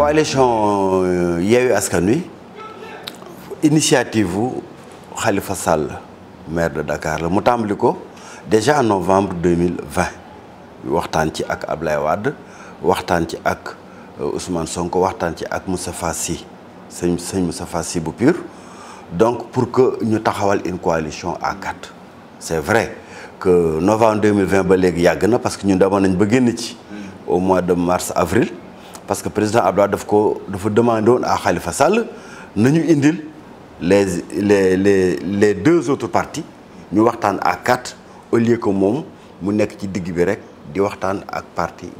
coalition euh, Yewwi Askan Wi initiative de Khalifa Sall maire de Dakar le mu déjà en novembre 2020 waxtaan ci ak Ablaye Wade waxtaan ci ak euh, Ousmane Sonko il ci ak Moustapha Sy c'est Moussa Moustapha Sy donc pour que nous taxawal une coalition à quatre c'est vrai que novembre 2020 ba y a parce que nous avons nañ au mois de mars avril parce que le président Abdoulaye a demandé à Khalifa Sall nous les les les deux autres partis à quatre au lieu que parti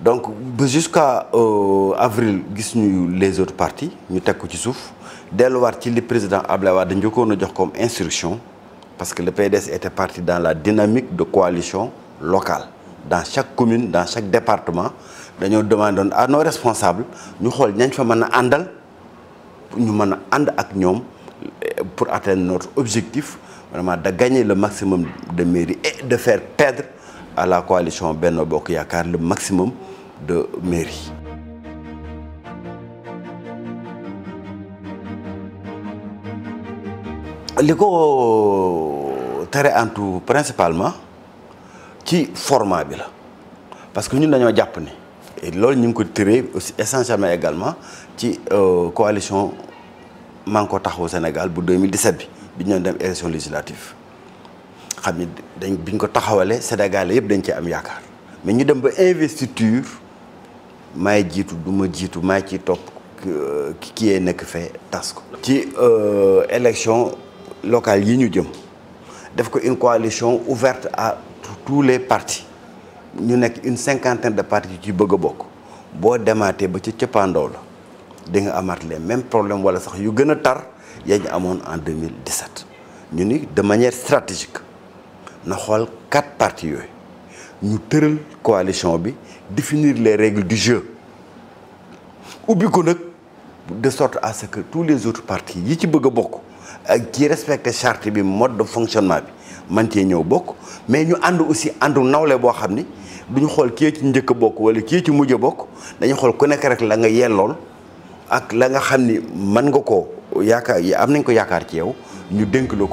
donc jusqu'à euh, avril les autres partis nous président a comme parce que le PDS était parti dans la dynamique de coalition locale dans chaque commune dans chaque département. Nous demandons à nos responsables nous nous ñañ fa eh, pour atteindre notre objectif vraiment de gagner le maximum de mairies et de faire perdre à la coalition Benno Bokk le maximum de mairies. Le ko euh, tere tout principalement ci format bi parce que nous sommes des japonais et ce ñu ngi ko aussi essentiellement également ci euh, coalition Manko au Sénégal bu 2017 bi bi ñu dem élection législative Nous avons dañ bi le ko est Sénégalais mais ñu dem ba investiture maay jiitu du ma jiitu maa ciy topp ki ki yee nekk fee tas ko. ci euh, élection locale yi ñu jëm une coalition ouverte à tous les partis. ñu nekk une cinquantaine de partis yu ci bëgg a bokk boo demaatee ba ci cëppaandaw la di nga amaat les mêmes problèmes wala sax yu gën a tar yaa ñu amoon en deux mille 2017 ñu ni de manière stratégique na xool quatre partis yooyu ñu tëral coalition bi définir les règles du jeu ubbi ko nag de sorte à ce que tous les autres partis yi ci bëgg bokk ak ci respecté charte bi mode de fonctionnement bi man cee ñëw bokk mais ñu ànd aussi àndu nawle boo xam ni duñu xol kii ci ndëkk a bokk wala kii ci mujj a bokk dañu xol ku nekk rek la nga yellool ak la nga xamni man nga ko yaakaar am nañ ko yaakaar ci yow ñu dénk la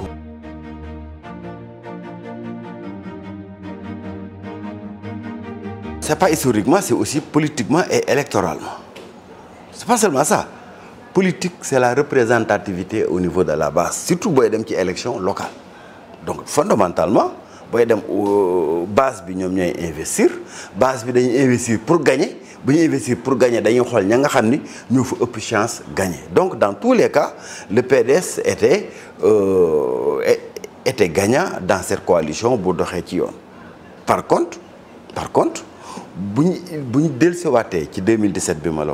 c'est pas historiquement c'est aussi politiquement et électoralement c'est pas seulement ça politique c'est la représentativité au niveau de la base surtout on dem ci élection locale donc fondamentalement booy dem base bi ñom ñoy investir base bi dañuy investir pour gagner bu investir pour gagner dañuy xol ña nga xam ni fa ëpp chance gagner donc dans tous les cas le PDS était euh, était gagnant dans cette coalition bu doxé ci yoon par contre par contre bu ñu bu ñu ci 2017 bi mala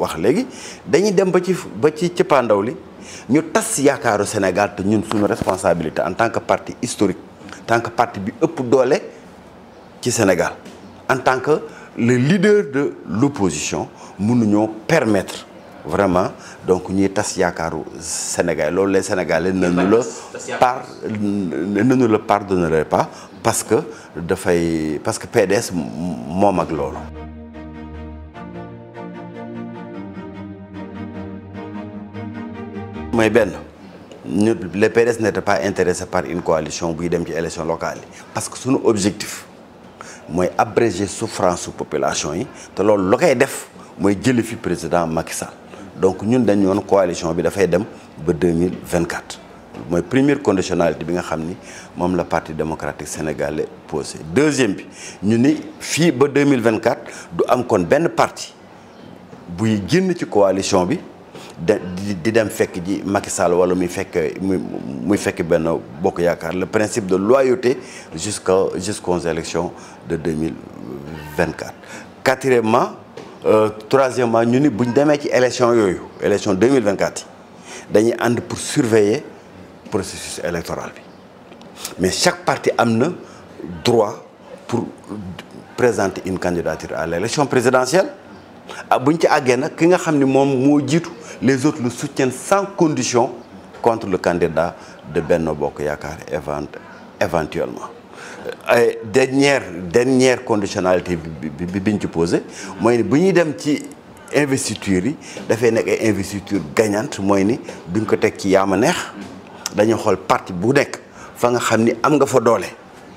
wax légui dañuy dem ba ci ba ci ci pandawli ñu tas yaakaaru Sénégal te ñun suñu responsabilité en tant que parti historique en tant que parti bi ëpp doole ci Sénégal en tant que le leader de l'opposition mënuñoo permettre vraiment donc ñi tass yaakaaru Sénégal les Sénégalais ne nous le par ne nous le pardonnerait pas parce que fay parce que PDS mom ak loolu mooy ben les le n'étaient n'était pas intéressé par une coalition qui les élections élection locale parce que son objectif d'abréger la souffrance la population yi le loolu la koy def le président Macky Sall donc nous avons une coalition bi dafay dem en 2024 la première conditionnalité bi nga parti démocratique sénégalais posé deuxième nous avons ni en 2024 du am kon partie parti coalition di fekk Macky le principe de loyauté jusqu'à jusqu'aux élections de 2024 quatrièmement euh, troisièmement ñu ni buñ à élection élection 2024 dañuy pour surveiller processus électoral mais chaque parti a droit pour présenter une candidature à l'élection présidentielle Et ah, ci nak ki nga les autres le soutiennent sans condition contre le candidat de Benno Bokoyakar éventuellement. Euh, et dernière, dernière conditionnalité bi ñu posé mooy ni bu dem ci investiture yi investiture gagnante moi ni duñ ko qui ci yaama neex dañu xool parti bu va fa nga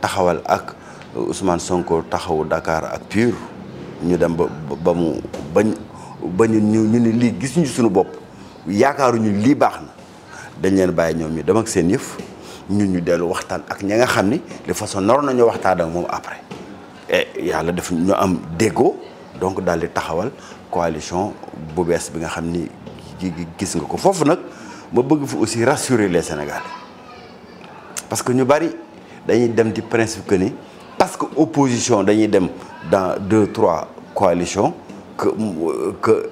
taxawal ak Ousmane Sonko taxaw Dakar ak pur ñu dem ba ba mu bañ ba ñu ñu ni gis ñu suñu bopp yaakaaruñu lii baax na dañ leen baye ñoom ñu dem ak seen yef ñu ñu delu waxtaan ak ña nga xam ni façon nor nañu waxtaan ak mom après et yalla def ñu am dego donc dal li taxawal coalition bu bes bi nga xamni gis nga ko fofu nak ma bëgg fu aussi rassurer les Sénégalais parce que ñu bari principe parce que l'opposition dans deux trois coalitions que que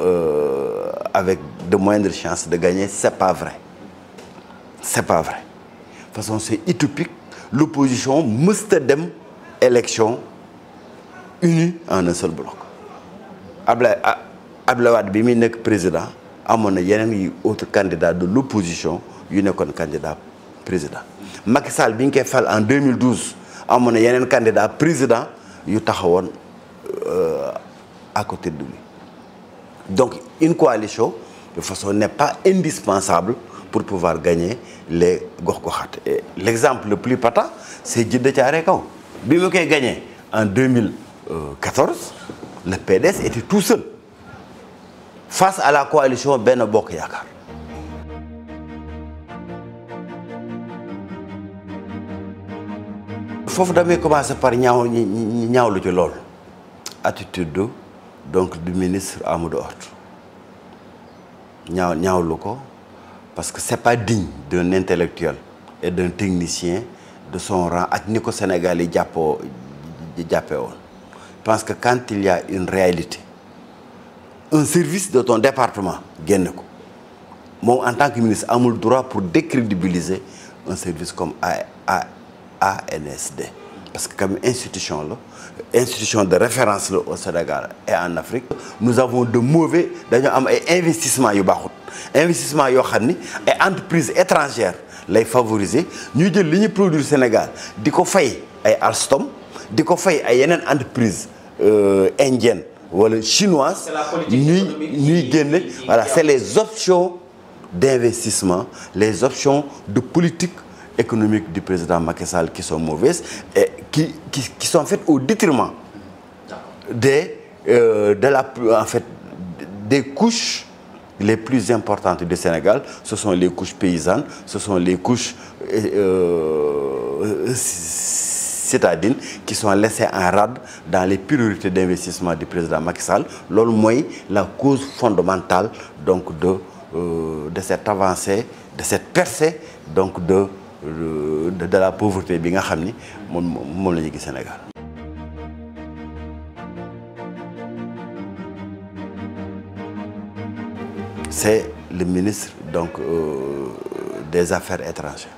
euh, avec de moindres chances de gagner c'est pas vrai c'est pas vrai de toute façon c'est utopique l'opposition must dem élection unie en un seul bloc Ablaye qui est président à mon président il y a autre candidat de l'opposition yu autre candidat président Macky Sall bi en 2012 a un candidat président yu est euh, à côté de lui donc une coalition de façon n'est pas indispensable pour pouvoir gagner les Gorkohat. l'exemple le plus patent c'est Djidde Thiaroye gagné en 2014 le PDS était tout seul face à la coalition Benabokéakar. Bokk que d'abord commencer par ñaaw ñaawlu ci lool attitude donc du ministre Amadou Hott ñaaw ñaawlu ko parce que c'est pas digne d'un intellectuel et d'un technicien de son rang ak ni ko Sénégal yi jàppoo jàppee parce que quand il y a une réalité un service de ton département ko en tant que ministre amul droit pour décrédibiliser un service comme A ANSD parce que comme institution institution de référence au Sénégal et en Afrique nous avons de mauvais investissements. Investissements, investissement investissement entreprises étrangères les favoriser nous jël li Sénégal nous avons fay Alstom entreprises indiennes chinoises voilà c'est les options d'investissement les options de politique économiques du président Macky Sall qui sont mauvaises et qui, sont en fait au détriment des, euh, de la, en fait, des couches les plus importantes du Sénégal, ce sont les couches paysannes, ce sont les couches euh, citadines qui sont laissées en rade dans les priorités d'investissement du président Macky Sall. la cause fondamentale donc, de, euh, de cette avancée, de cette percée donc, de de la pauvreté Sénégal c'est le ministre donc euh, des Affaires étrangères.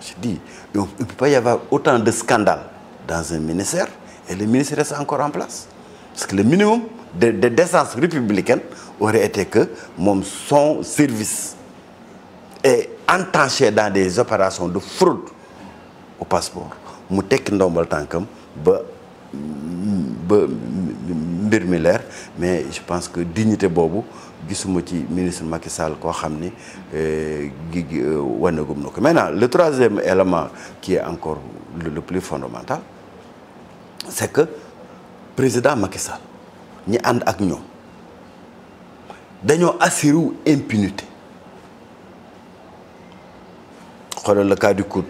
Je dis, il ne peut pas y avoir autant de scandales dans un ministère et le ministère reste encore en place. Parce que le minimum de, décence républicaine aurait été que mon, son service est entaché dans des opérations de fraude au passeport mu tek ndombal ba ba mbir mais je pense que dignité bobu gisuma ci ministre Macky Sall koo xam eh, eh, maintenant le troisième élément qui est encore le plus fondamental c'est que le président Macky Sall ñi ànd ak dañoo impunité le cas du coût,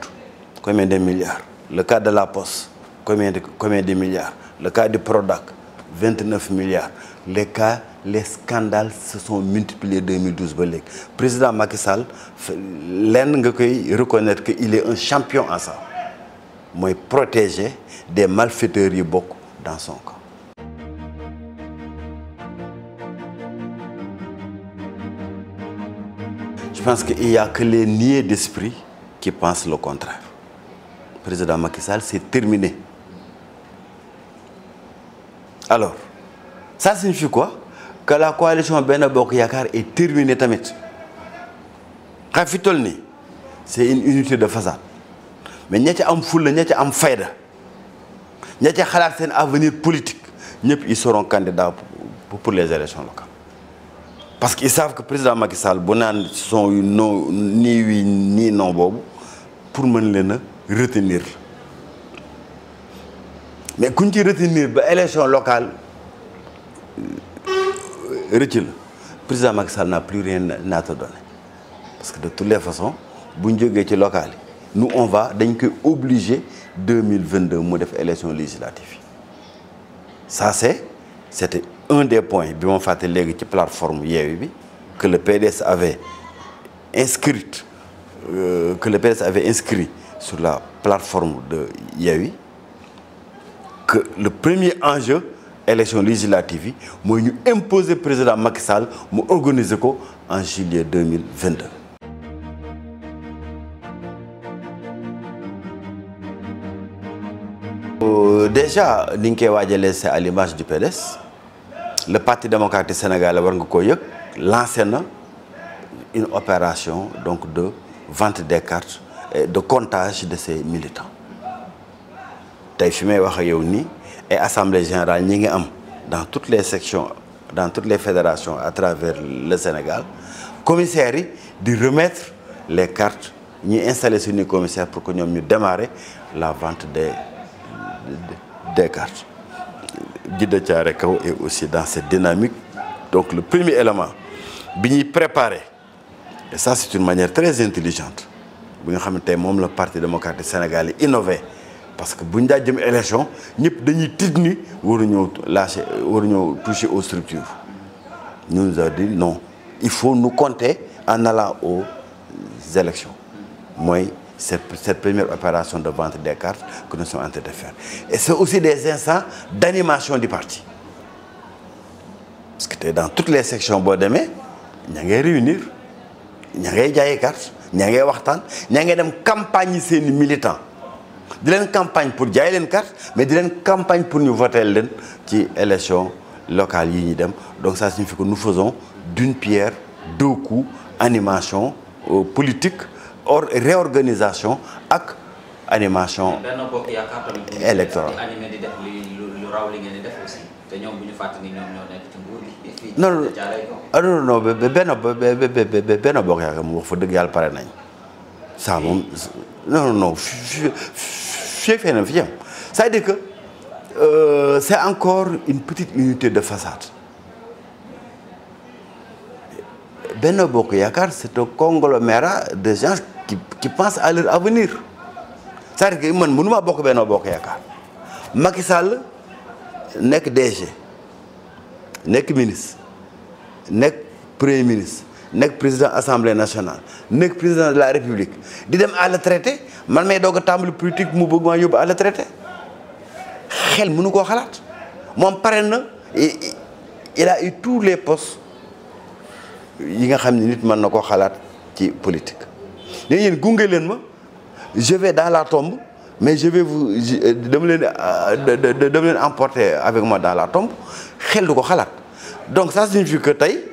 combien de milliards le cas de la Poste combien de combien milliards le cas du Prodac 29 milliards les cas les scandales se sont multipliés 2012 Le président Macky Sall reconnaître est un champion en ça Il protégé des malfaiteurs dans son camp. Je pense qu'il n'y a que les niais d'esprit qui pensent le contraire. Le président Macky Sall, c'est terminé. Alors, ça signifie quoi Que la coalition Benabok Yakar est terminée, Tamit. c'est une unité de façade. Mais nous avons foule, nous avons faïda. Nous pas un avenir politique. ils seront candidats pour les élections locales. Parce qu'ils savent que le président Macky Sall, si ils sont ni oui, ni non, pour me retenir mais quand tu retenir l'élection locale euh, le président Macky n'a plus rien à te donner parce que de toutes les façons si tu es local, nous on va 2022 koy obligé 2022 législative ça c'est c'était un des points bi ma fait la plateforme que le PDS avait inscrite euh, que le PS avait inscrit sur la plateforme de Yahweh, que le premier enjeu élection législative m'a ñu le président Macky Sall mu organiser en juillet 2022. Euh, déjà à l'image du PDS le parti démocratique sénégalais war nga une opération donc de vente des cartes et de comptage de ces militants tey fumé vous assemblée générale dans toutes les sections dans toutes les fédérations à travers le Sénégal commissaires de remettre les cartes installer installer les commissaire pour que nous ñu démarrer la vente des des cartes Guide Thiaroye est aussi dans cette dynamique donc le premier élément bi préparer et ça, c'est une manière très intelligente. Vous savez, le Parti démocrate sénégalais innové. Parce que si nous avons une élection, nous devons lâcher, toucher aux structures. Nous nous avons dit non. Il faut nous compter en allant aux élections. c'est cette première opération de vente des cartes que nous sommes en train de faire. Et c'est aussi des instants d'animation du parti. Parce que dans toutes les sections, il y a réunir ña ngay jaayee carte ña ngay waxtaan ña ngay dem campagne yi seen di campagne pour jaay leen carte mais di une campagne pour ñu voter leen ci élection locale yi donc ça signifie que nous faisons d'une pierre deux coups animation euh, politique or réorganisation ak animation électorale ñoo ci non non non non. Ah, ça non non non non, non, dire que euh, c'est encore une petite unité de façade c'est un conglomérat de gens qui pensent à leur avenir cest dire que man bokk Bokk Makissal nek ministre nek premier ministre nek président assemblée nationale nek président de la république di dem à la traité man may doog a politique mu bëgg maa yóbbu à la traité xel mënu koo xalaat moom pare na il a eu tous les postes yi nga xamni nit mën nako koo ci politique ñeen yéen gunge ma je vais dans la tombe mais je vais vous euh, donner, euh, de dama emporter avec moi dans la tombe donc ça signifie que tay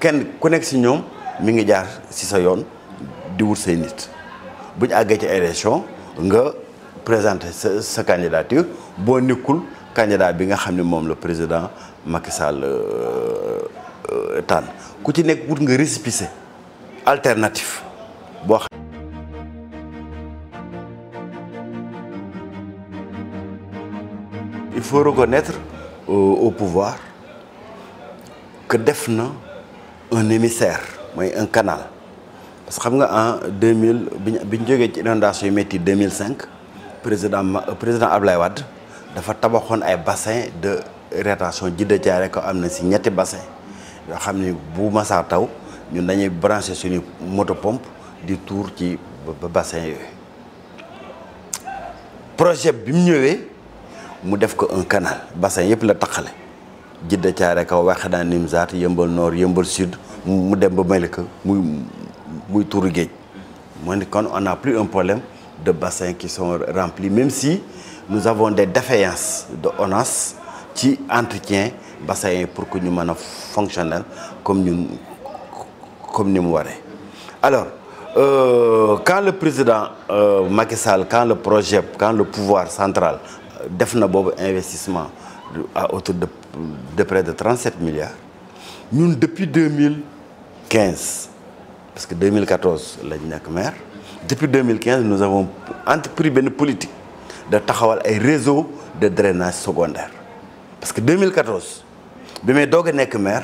ken ku nekk si mi ngi jaar si sa yoon di wut say nit bu ñu ci élection nga présenter sa candidature bo nikul candidat bi nga xam mom le président Macky Sall euh, tànn ku ci nek wut nga alternative bo il faut reconnaître euh, au pouvoir que def un émissaire un canal parce que xam nga en 2000 bi bi ñu jógee ci inondation yu métti 2005 président euh, président Ablaye Wade dafa tabaxoon ay bassin de rétention jidda jaare ko am na si ñetti bassin yoo xam ni bu masaa taw ñun dañuy branché suñu moto pompe di tour ci bassin yooyu projet bi mu mu def ko un canal bassin yëpp la taqale jidda caare kaw waxinaan nimsaat yëmbal nord yëmbal sud mu dem ba Malika muy muy tuuru géej moo ni kon on n'a plus un problème de bassins qui sont remplis même si nous avons des défaillances de ONAS ci entretien bassins pour que ñu mën a fonctionnel comme nous comme nous mu alors euh, quand le président euh, Macky Sall quand le projet quand le pouvoir central def na investissement à hauteur de près de 37 milliards Nous depuis 2015 parce que 2014 depuis 2015 nous avons entrepris une politique de taxawal ay réseau de drainage secondaire parce que 2014 bi may doog maire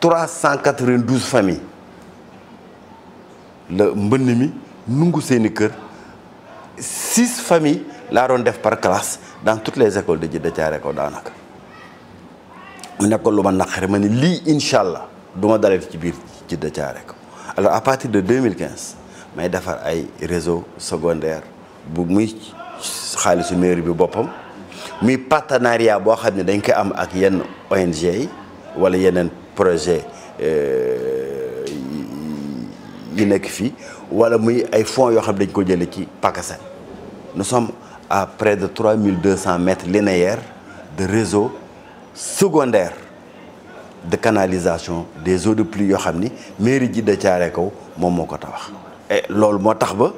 392 familles le nungu familles la doon def par classe dans toutes les écoles de Djeddah Thiaroye Kaw daanaka mu nekkoon lu ma naqari li, Inshallah, lii incha ci biir Djeddah Thiaroye Kaw alors à partir de 2015 may défar ay réseaux secondaire bu muy xalisu mairie bi bopam muy partenariat bo xam dañ koy am ak yenn ONG wala yenen projet euh, yi nek fi wala muy ay fonds yo xam dañ ko jël ci Pakistan nous sommes à près de 3200 mètres linéaires de réseau secondaire de canalisation des eaux de pluie yo xamni mairie de Thiaroye Kaw mom moko ko et loolu moo ba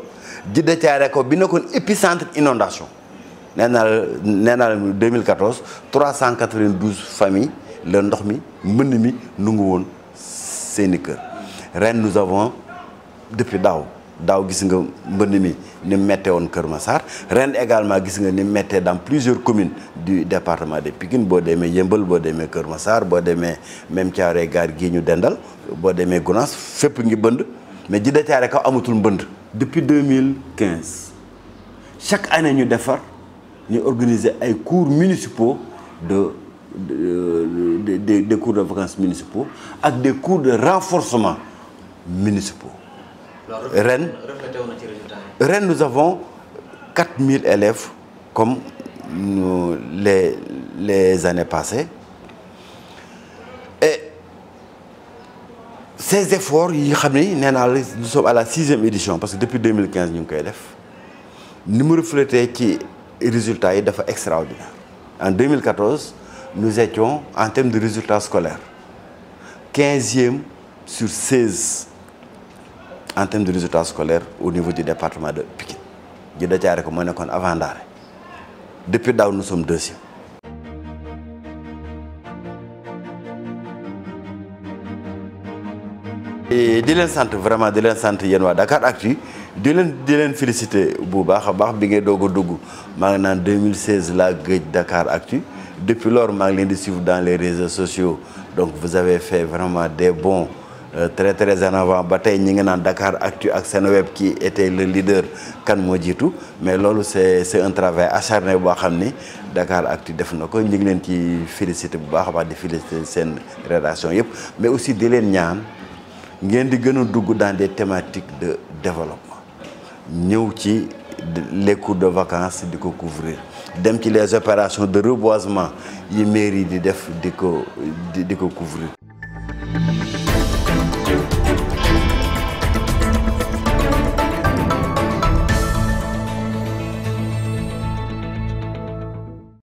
Djidda Thiaroye Kaw bi épicentre inondation nénal nénal 2014 392 familles ont ndokh mi mbënn mi nu ngu nous avons depuis Dao daw gis nga mbënn mi ni metté won keur Massar ren également gis nga ni metté dans plusieurs communes du département de Pikine bo démé yembal bo démé keur Massar bo démé même Thiaroye gar gii ñu dendal bo démé Gounass fep ngi bënd mais di Thiaroye Kao amatul mbënd depuis 2015 chaque année ñu defar ñu organiser ay cours municipaux de des de, de, de cours de vacances municipaux avec des cours de renforcement municipaux Rennes, Rennes, nous avons 4000 élèves comme les, années passées. Et ces efforts, nous sommes à la sixième édition, parce que depuis 2015, nous avons élèves. Nous reflétons les résultats extraordinaires. En 2014, nous étions, en termes de résultats scolaires, 15e sur 16 en termes de résultats scolaires au niveau du département de Pikine Djeddah Thiaroye ko moo nekkoon avant Ndaare depuis où nous sommes Et di le centre vraiment de leen il y Dakar Dakar Actu, Je di leen félicité bu que a baax bi En 2016, a dugg 2016 la Dakar Dakar depuis lors je suis leen suivre dans les réseaux sociaux donc vous avez fait vraiment des bons euh, très très en avant ba ñi Dakar Actu qui était le leader mais c'est un travail acharné nous Dakar Actu def félicité bu mais aussi di len ñaan dans des thématiques de développement ñew ci les cours de vacances de couvrir les opérations de reboisement yi mairie de couvrir